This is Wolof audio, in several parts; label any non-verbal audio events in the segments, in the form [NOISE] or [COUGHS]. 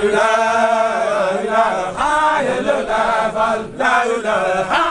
la ilaha illallah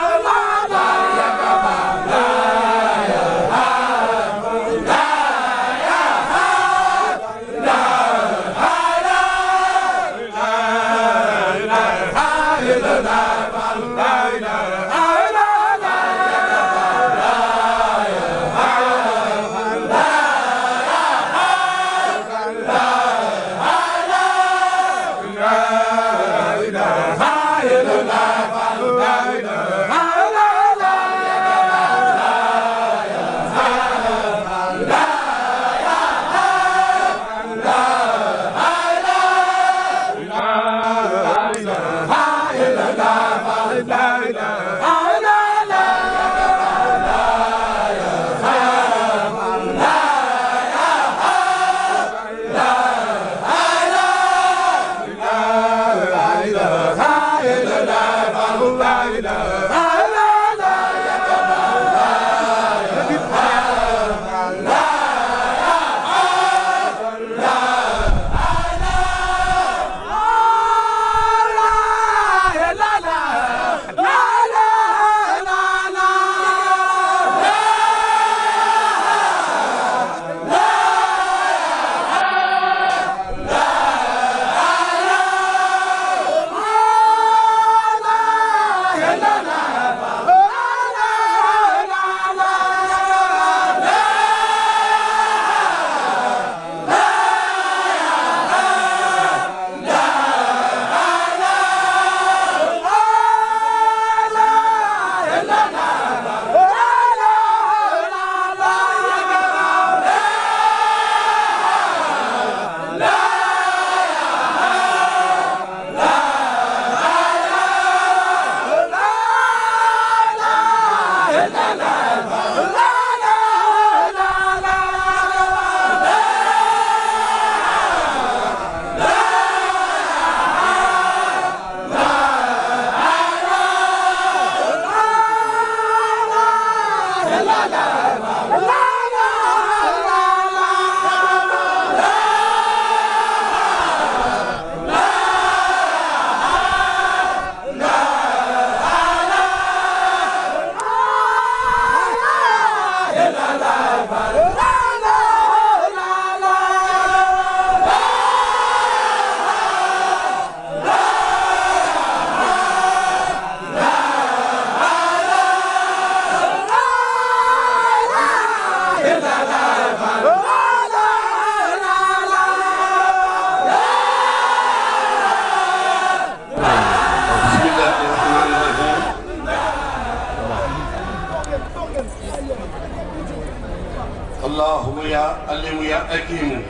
يا اللي ويا أكيم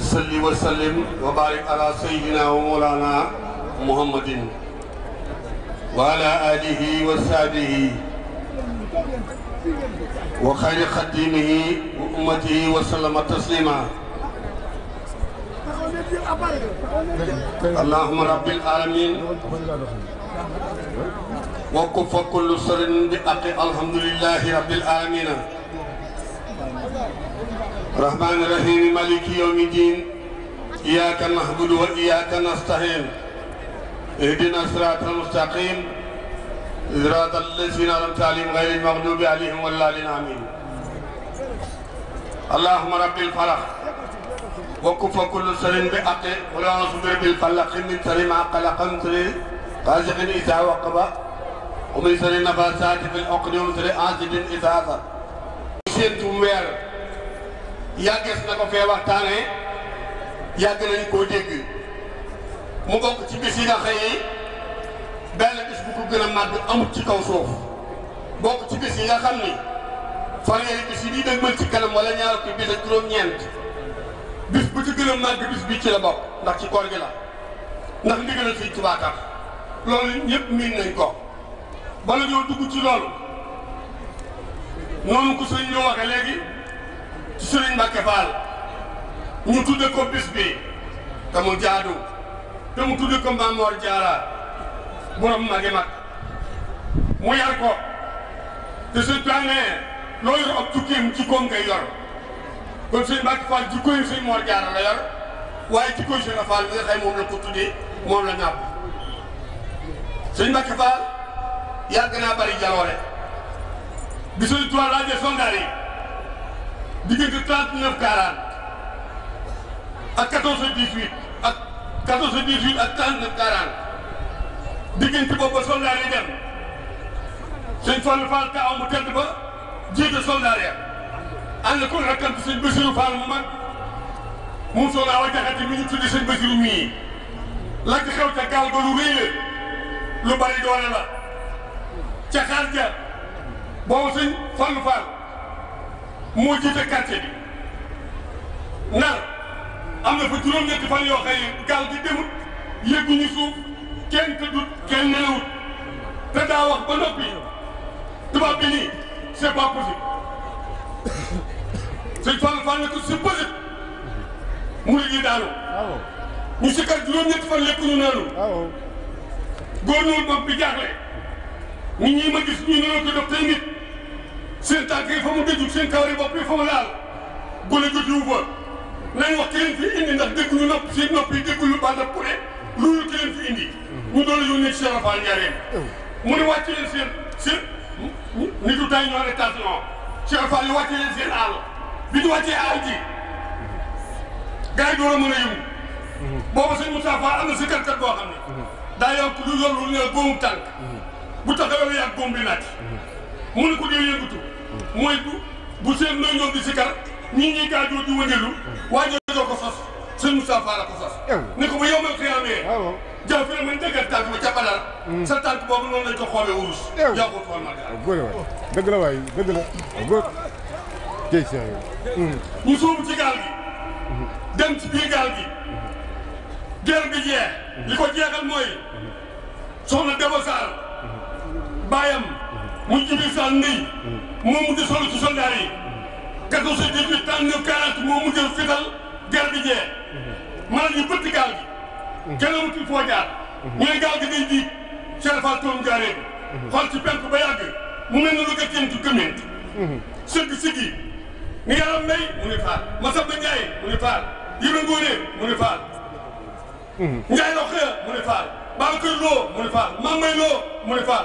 صلي وسلم وبارك على سيدنا ومولانا محمد وعلى آله وصحبه وخير خديمه وأمته وسلم تسليما اللهم رب العالمين وكف كل سر بأقي الحمد لله رب العالمين رحمن الرحيم مالك يوم الدين إياك نعبد وإياك نستعين اهدنا الصراط المستقيم صراط الذين أنعمت عليهم غير المغضوب عليهم ولا الضالين آمين اللهم رب الفلق وكف كل شر بحق ولا أصبر بالفلق من شر ما قلق من شر غازق إذا وقب ومن شر النفاسات في العقد ومن شر آسد إذا أثر séentum weer yàggees na ko fee waxtaane yàgg nañ koo dégg mu ci bis yi nga bu ko gën a màgg amut ci kaw suuf bokk ci bis yi nga xam ni fanweeri yi di dëgmal ci kanam wala ñaar ko bis ak bu ci gën a màgg ci la bokk ndax ci koor gi la ndax ndigal a fii Tuubaa tax loolu nañ ko dugg ci loolu noonu ko sëriñ ñoo waxe léegi ci sëriñ Mbàkke Faal ñu tudde ko bis bi te mu jaadu te mu tudde ko Maam Mor Jaara borom magi mag mu yar ko te sëñ planee loo yor ak tukkiim jikkoom ngay yor kon sëñ Mbàkke Faal jikkooy sëñ Mor Jaara la yor waaye jikkooy sëñ a Faal bi nga xam moom la ko tuddee moom naa bari jaloore bi Sëriñ Tuubaa laajee sondar yi diggante 39 40 ak 14 18 ak 14 18 ak 39 40 diggante boobu sondar yi dem sëñ Fallou Fall taaw mu tedd ba jiite sondar ya ànd ko rakkam ci sëñ Bassirou Fall mu mag moom soo laa wajaxati mi ñu tuddi sëñ Bassirou mii lakk xew gaal ba lu rëy lu bari doole la ca xaar ja boobu sëñ Fallou Fall moo jiite quartier am na fa juróom-ñetti fan yoo xëy gaal gi demut yëgguñu suuf kenn tëddut kenn nelawut te daa wax ba noppi tubaab bi nii c'est pas possible [COUGHS] sëñ Fallou ne ko c'est possible mu ne ñuy si kat juróom-ñetti fan lekk ñu naanu. góor ñuul bopp bi jaaxle nit ñu ne la ko jox tey nit seen tànk yi fa mu dëjul seen kawar yi fa mu laal gone jotiwu fa nañ wax ki leen fi indi ndax dégg ñu nopp seen nopp yi dégg ñu bànda ku fi indi ñu doon yónnee Cheikh Rafal Ndiarène mu ne wàcce leen seen seen nitu tay ñoo ne tension Cheikh Rafal yi wàcce leen seen aal bi ñu wàccee aal ji gars yi door a mën a yëngu booba sëñ am na si karkat boo xam ne daa yor lu yor lu ne góomu tànk bu taxawee ak góom bi naaj. mu ne ko mooy bu bu seen looy ñoom di sikar ñii ñuy gaajoo di wëndeelu. waa ñoo ko sos sëñ Moussa ko sos. ne ko ba yow ma cappalar. sa tànk boobu noonu lañ ko xoobee wurus. yow ko xool ma góor la waay dëgg la waay dëgg la góor. jëy si mm. ñu suubu mm-hmm. mm-hmm. li ko jeexal mooy mm-hmm. soxna Debo Sarr. baayam mu jibi sal ndey moo mujj solo ci soldaar yi quatorze dix-huit trente-neuf quarante moo mujj fital guerre bi jee ñu bëtt gaal gi kenn amatul jaar ñu gaal gi day diig serfal toom jaaree xool ci penk ba yàgg mu mel ne lu gëcceen ci gëmeen sëgg siggi ni yaram may mu ni faal Masamba Njaay mu ni faal Ibra Ngoone mu ni faal hmm. Njaay Roxaya mu ni faal Babacar Loo mu ni faal Mamay Loo mu ni faal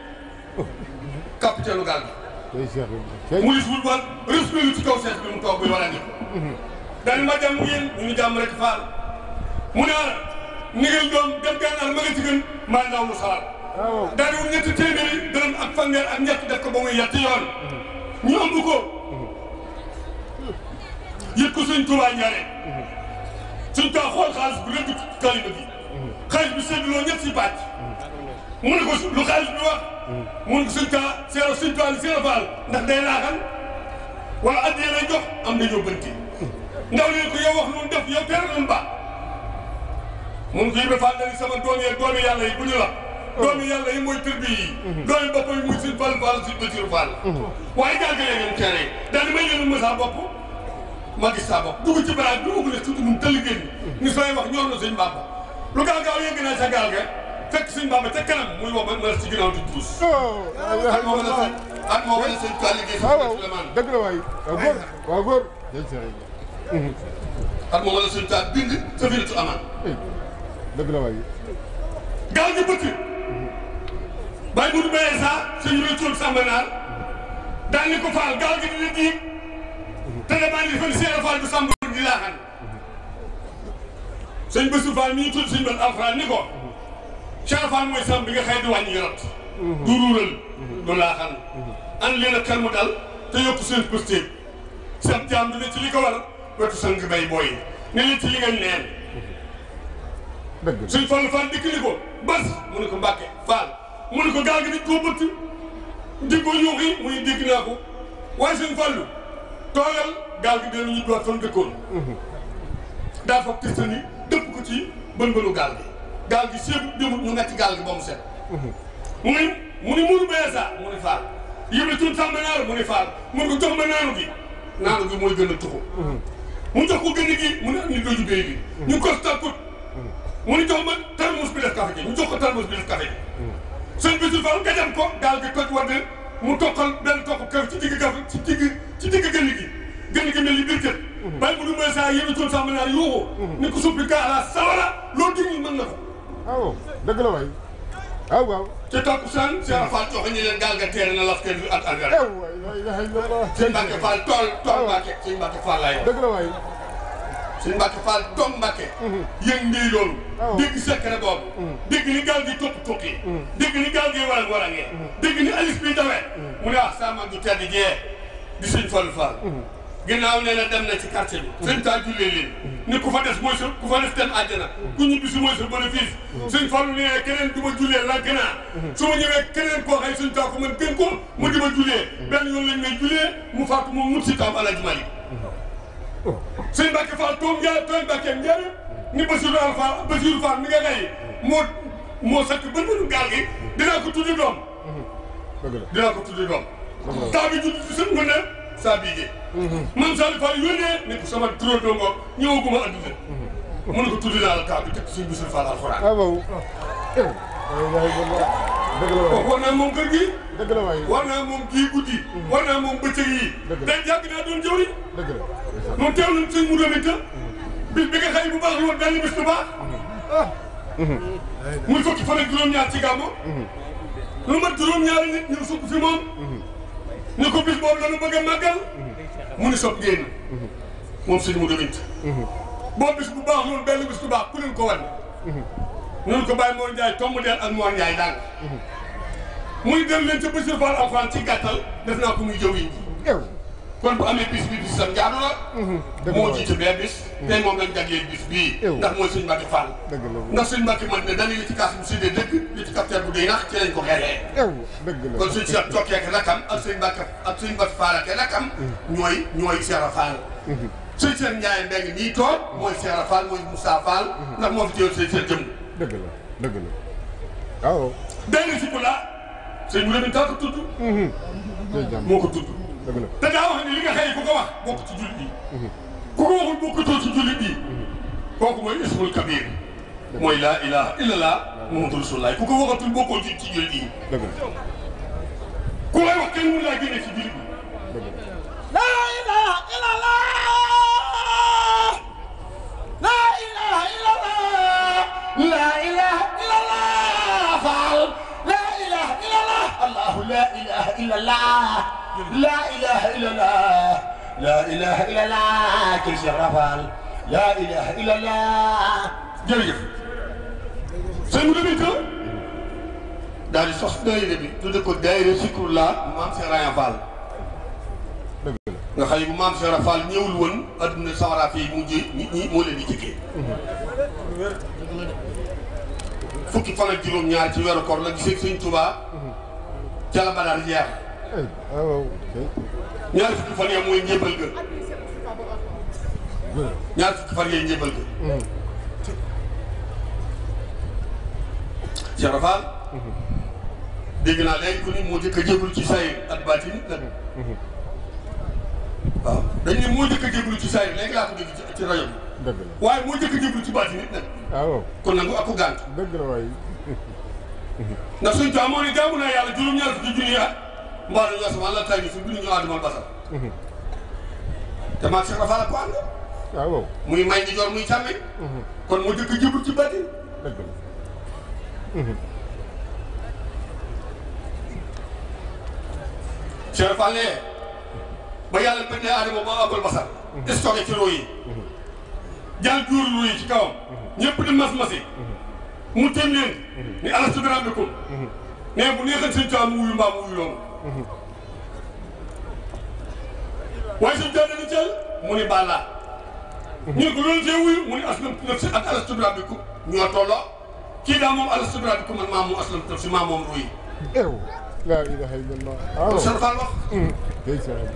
capitaine gaal bi. mu lisul ba rëslu ci kaw sees bi mu toog buy wala nit. Mhm. dañ ma dem yéen ñu ngi jàmm faal mu ne ah ni ngeen doom dem gànnaar ma nga ci gën maa ndaw mu salaat. ñetti téeméeri dërëm ak fanweer ak ñett def ko ba muy yetti yoon. Mhm. ñu ëmb ko. Mhm. yëg ko sëñ Tuubaa ñaare. suñ kaa xool xaalis bu rëdd kalima bi. xaalis bi séddaloo ñett si bàcc. mu ne ko lu xaalis bi wax. mu ne ko suñ kaa seero suñ tool seero faal ndax day laaxal wala addee lay jox am dañoo bënti ndaw leen ko yow wax lu def yow teel a ba mu ko Ibra Faal dañuy sama doom yee doomi yàlla yi bu ñu la. doomi yàlla yi mooy tërbi yi. doomi boppam yi muy suñ faal faal suñ bëtiru faal. waaye jàngalee ngeen teere sa gaal ga. fekk suñu Bàmba ca kanam muy woo ba mu ci ginnaaw di tuus. at moo mën a sëñ at moo mën a sëñ Tuubaa liggéey. waaw dëgg la waay waaw góor waaw góor. at moo mën a sëñ Tuubaa bind sa virtu amaan. Eh, dëgg la waay. gaal gi bëtt. bàyyi bu du béyee saa suñu rëccoon Samba Naar daan ni ko faal gaal gi dina diig te ne maa ngi fan seera faal bu Samba di laaxan sëñ Bassirou Fall mi ñu tudd suñu bët alxuraan ni ko. Serapal mooy sàmm bi nga xëy di wàññi yorot. Mhm. du mhm. du laaxal. Mhm. an leen ak xel mu dal te yokku seen pëstéeg. seen jaam dina ci li ko war wetu sang bay booy ne leen ci li ngeen neen. dëgg la suñ Fall ko bas mu ko Mbàkke Fall mu ko gaal di ko yuuxi muy daa foog test ni dëpp ko ci gaal gi. gaal gi sépp demut ñu nga ci gaal gi ba mu set. mu ni mu ni muur bee saa mu ni faal yëpp tuut sax ma naaru mu ni faal mu ni ko jox ma naanu gi naanu a tuxu. mu jox ko gën a gi mu ne jox ma tarmus bi def café gi ñu jox ko tarmus bi def café gi. sëñ bi su faal gajam ko gaal gi toj wadd mu toqal benn toq kër ci digg gaf ci digg ci digg gën gi gën gi mel ni biir kër. bàyyi mu du bee saa yëpp tuut sax ma naaru yuuxu. ni ko suppi kaa ala sawala loolu digg mën na ko. waaw ah dëgg la waay ah waaw waaw. ca takkusaan a Fall jox ñu leen gaal nga teere na laf kenn du at at yàlla. waaw sëñ Mbacke Fall tool tool ah Mbacke sëñ Mbacke Fall laay dëgg la waay. sëñ Mbacke Fall toog Mbacke. Mhm. yéen mbir loolu. dégg secret boobu. Mhm. dégg ni gaal gi tukki tukki. Mhm. dégg ni gaal gi warag waragee. dégg ni alif bi dawee. mu ne ah sama du tedd jee di sëñ Fall Fall. ginnaaw nee na dem na ci quartier bi. sëñ taa jullee leen. ni ku fa des mooy ku fa des dem àjjana. ku ñibbi si mooy sa bénéfice. sëñ Fallou nee keneen du la gën a. su ma ñëwee keneen koo xay taa ko man gën ko mu di ma jullee. benn yoon lañ may jullee mu fàttu moom mut si taam Alaaji Malik. sëñ Mbacke Fall toog ñaar tooy Mbacke njëriñ. ni Basiru Fall Basiru Fall mi nga xëy. moo moo sakk bët bënu gi. dinaa ko tuddi doom. dinaa ko tuddi doom. taa bi judd si saa biige man Saliou Fall yónnee ne ko sama turandoo ngoog ñëwaguma àdduna mun ko tudd naa la kaa bi teg suñ bisul Fall alxuraan ah, waaw war naa moom kër gi dëgg la waay war naa moom kii guddi mm-hmm. war naa moom bëccëg yi dañ yàgg naa doon jëwriñ dëgg la moom teew nañ suñ mu dominta bis bi nga xëy bu baax woon dañu bis bu baax mm-hmm. muy fukki fan ak juróom-ñaar ci gàmmu mm-hmm. lu mat juróom-ñaari nit ñëw sukk fi moom ne ko bis boobu dañu bëgg a màggal mm-hmm. mu ni soog génn mm-hmm. moom suñu mu dëbint mm-hmm. boo bis bu baax noonu benn bis bu ku leen ko wan noonu ko bàyyi Mor Ndiaye tomb deel ak Mor Ndiaye dàng muy dem leen ca Bachir Fall Alxuraan ci gàttal def naa ko muy jëw yi kon bu amee bis bi bis sam jaadu la. Mhm. moo jiite bee bis. Mhm. tey moom lañ jagleel bis bii. ndax mooy sëñ Mbacke Fall. ndax sëñ Mbacke man ne dañuy ci kaas bu séddee dëkk li ci capteur bu dee nax ci lañ ko xelee. dëgg la kon sëñ Cheikh Cokkee ak rakam ak sëñ Mbacke ak sëñ Mbacke Fall ak rakam. Mhm. ñooy ñooy Cheikh Fall. sëñ Cheikh Ndiaye Mbengue nii toog mooy Cheikh Fall mooy Moussa Fall. ndax moo fi teewul sëñ Cheikh jëm. dëgg la dëgg la waaw. dégg nga si ko laa sëñ bi la ñu tax a tudd. moo ko tudd te daa wax ni li nga xëy ku ko wax bokk ci jullit yi ku ko waxul bokkutoo ci jullit yi kooku mooy ismul kabir mooy laa ilaha illallah muhammadu rasulullah ku ko waxatul bokkoo ci ci jullit yi ku lay wax kenn mun laa génne ci jullit yi laa ilaha illallah laa ilaha illallah laa ilaha illallah faal laa ilaha illallah allahu laa ilaha illallah لا إله إلا الله لا إله إلا الله كيس الرفال لا إله إلا الله جميل سيد مدبيتو داري صح دائرة بي تدكو دائرة شكر الله مام سيرايا فال نخلي مام سيرايا فال نيولون أدن سارا في موجي ني مولي ني تكي فوكي فانا جيلوم نيار تيوير كورلا جيسي سين توبا تيالا بدار جيار ñaar fukki fan ya mooy njébal ga ñaar fukki fan yee njébal ga Serapal. dégg naa léegi ku ni moo jëkk a ci saa yi at baatin lan waaw dañ moo jëkk a ci saa yi léegi laa ko ci rajo bi. waaye moo jëkk a ci baatin nit nag. Ah, waaw kon nangu ak ko gànt. dëgg la waay. ndax suñu jaamoon yi jaamu naa yàlla juróom-ñaar fukki junni mbooloo ñoo sama la tay ñu fi bu ñu ñëwaat mhm. te maag Cheikh ko ànd ah, waaw muy may di muy càmmeñ mhm. kon mu dëkk jibul ci batti mhm. Cheikh Rafal ne ba yàlla Adama ba abal basal stocké ci roo yi jàll juur ci kawam ñëpp di mas mu tëm leen ni ala sudrabikum ne bu neexal seen coono mu wuyu mbaa mu wuyu loolu waaye suñu jënd ni jël mu ni Balla. ñu ko loolu see wuyu mu ni aslamtu nafsi ak alastu bi rabbikum ñoo kii daa moom alastu bi rabbikum man maa moom aslamtu nafsi maa moom ruuy. laa ilaaha illallaah. waaw Sër Fall wax.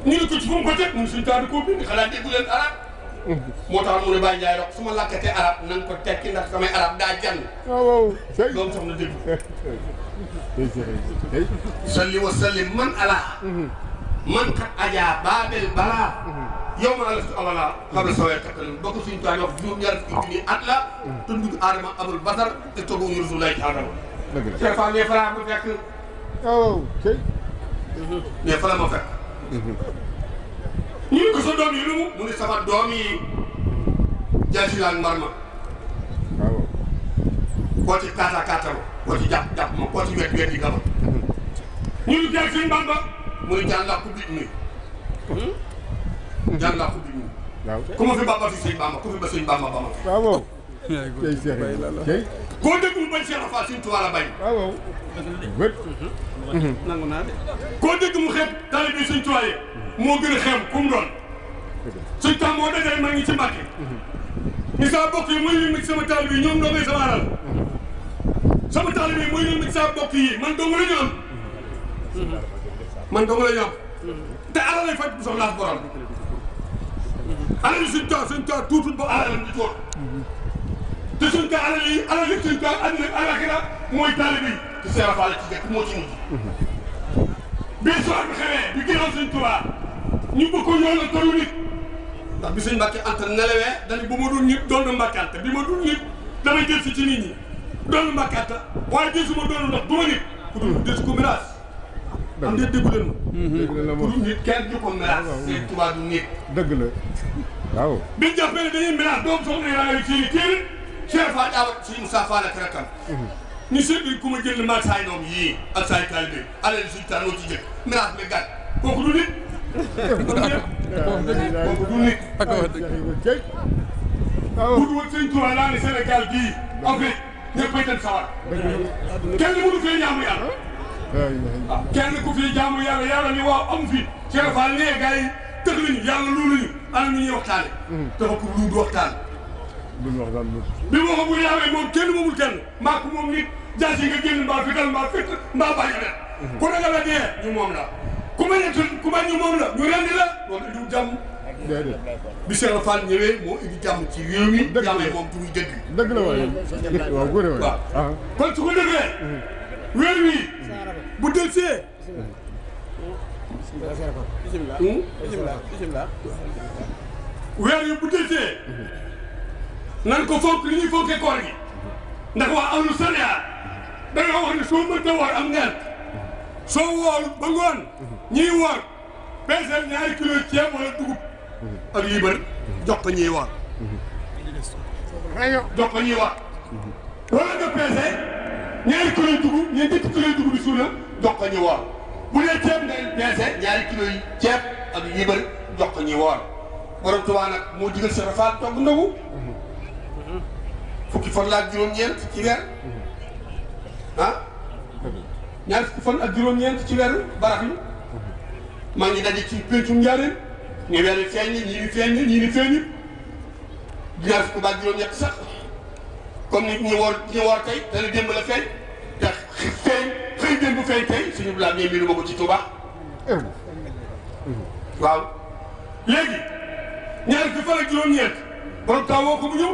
ñu ne ko ci mu ko teg mun suñu taatu koo bind xanaa déggu leen arab. moo tax mu ne Baye Ndiaye rek su ma làkkatee arab na nga ko tekki ndax samay arab daa jàng. waaw waaw. loolu sax na dégg. [LAUGHS] صلي وسلم من على من قد بابل باب البلاء يوم على أولا قبل سوية تكلم بكو سين تاني في يوم يرف إبني أدلا تنبت آرما أبو البطر تتبو يرزو لاي تعالى شفا نفرا مفك أوكي نفرا مفك ñu ko sa doom yi lu دومي mu ne sama doom yi jaasi laan mar ma ah, waaw koo ci jàpp jàpp ma koo ci wet wet yi gama ñu ngi teel sëñ muy jàngat ku bit nuyu jàngat ku ku ma fi bamba fi sëñ Bamba ku fi ba sëñ Bamba ba ma fi waaw tey seex yi koo suñ tubaab la bay waaw nangu naa de koo dégg mu xeeb tali suñ tubaab moo gën a xeeb ku doon suñ tam moo dajee maa ngi ci Mbàkke hmm. ni saa bokk yi muy lim sama taal ñoom doo may sama alal sama talibé moy mooy leen sa bokk yi man dong la ñu am man dong la ñu am te ala lay faj bu la borom ala yi suñ toog suñ toog tuutul ba alal di toog te suñ toog alal yi alal yi suñ toog àddina alaxira mooy taalibe yi te Seera Faal ci jëkk mo ci mujj bi soor bi xewé bi gëna suñ tuba ñu bëkk ñoo la toru nit ndax bi suñ mbacké Anta nelewé dañ bu ma dul nit doon mbacké mbàkkante bi ma dul nit dama jël si ci nit ñi doonu mbàkkaata a dee su ma doonu ndax duma nit ku dul dee su ko miraas am de déggu leen ma ku dul nit kenn du ko miraas ne tubaab nit dëgg la waaw bi ñu miraas doom soxna yi raay seeni téere Cheikh Fall daaw suñu Moussa Fall ak rakkam ñu mhm. seetlu ku ma jël maag saay doom yii ak saay taalibe alal suñu tànnoo ci jëkk miraas mi gàtt kooku du nit kooku du nit ak wax dëgg bu dul woon sëñ Tuubaa laa ne Sénégal gii Afrique ñëppay tëdd sawar kenn mënu fee jaamu yàlla waaw ah, kenn ku fii jaamu yàlla yàlla ni waaw am fi Cheikh Fall nee gars yi tëx nañu yàlla loolu ñu ana ñu waxtaane hmm. dafa ko luudu waxtaan duñu waxtaan bi ma ko bu yaawee moom kenn moomul kenn mbaa ko moom nit jaas yi nga génn mbaa fital mbaa fit mbaa bàyyi hmm. ku danga dee ñu moom la ku ma ñett ku ma ñu moom la la déedéet bi Cheikh Fall ñëwee moo indi jàmm ci ah. weer wi bu dël hmm? nan ko fonk li ñuy fonkee koor gi. ndax waa am lu sariya da nga wax ne soo mënta woor am ngeen. soo woor ba ngoon. ñiy woor peeseel ñaari kilo ceeb wala dugub. ak liibar jox ko ñuy waar jox ko ñuy waar wala nga peese ñaari kilo yu dugub ñeenti kilo yu bu dee ceeb ngay peese ñaari kilo yu ceeb ak liibar jox ko ñuy waar borom Tuubaa nag moo digal sa rafaal togg ndogu fukki fan la ak juróom-ñeent ci weer ah ñaari fukki fan ak juróom-ñeent ci weer barax yi maa ngi daje ci péncum Njaaréem ñu weeri feeñ ñi ñii di feeñ ñi ñii di feeñ ñi ñaar fukk baat juróom-ñett sax comme ni ñu woor ñu woor tey dana démb la feeñ te feeñ xëy démb feeñ tey suñu bilaa nee mbiru ma ko ci Tuuba waaw léegi ñaar fukk fan ak juróom-ñeent borom taw woo ko bu ñëw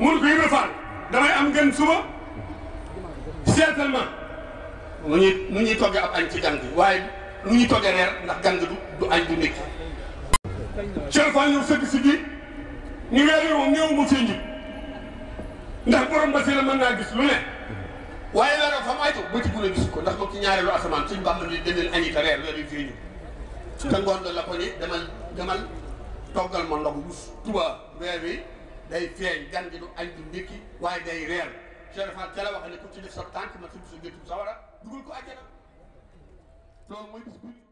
mun ko Ibra Faal damay am gan suba certainement mu ñuy mu ñuy toggee ab añ ci gan gi waaye mu ñuy toggee reer ndax gan gi du du añ du ndékki Cheikh Fall ñëw sëgg si gi ñu weeree moom néew mu cee njëg ndax borom basira mën naa gis lu ne waaye leeral fa maytu bëti bu la gis ko ndax moom ci ñaareelu asamaan suñ bàmb ni demeen añi te reer weeru fii ñu te ngoon la ko ni demal demal toggal ma ndogu bu tuba weer wi day feeñ gan gi du añ du ndékki waaye day reer Cheikh Fall ca wax ne ku ci def sa tànk ma sa gétub sawara dugal ko a loolu mooy bis bi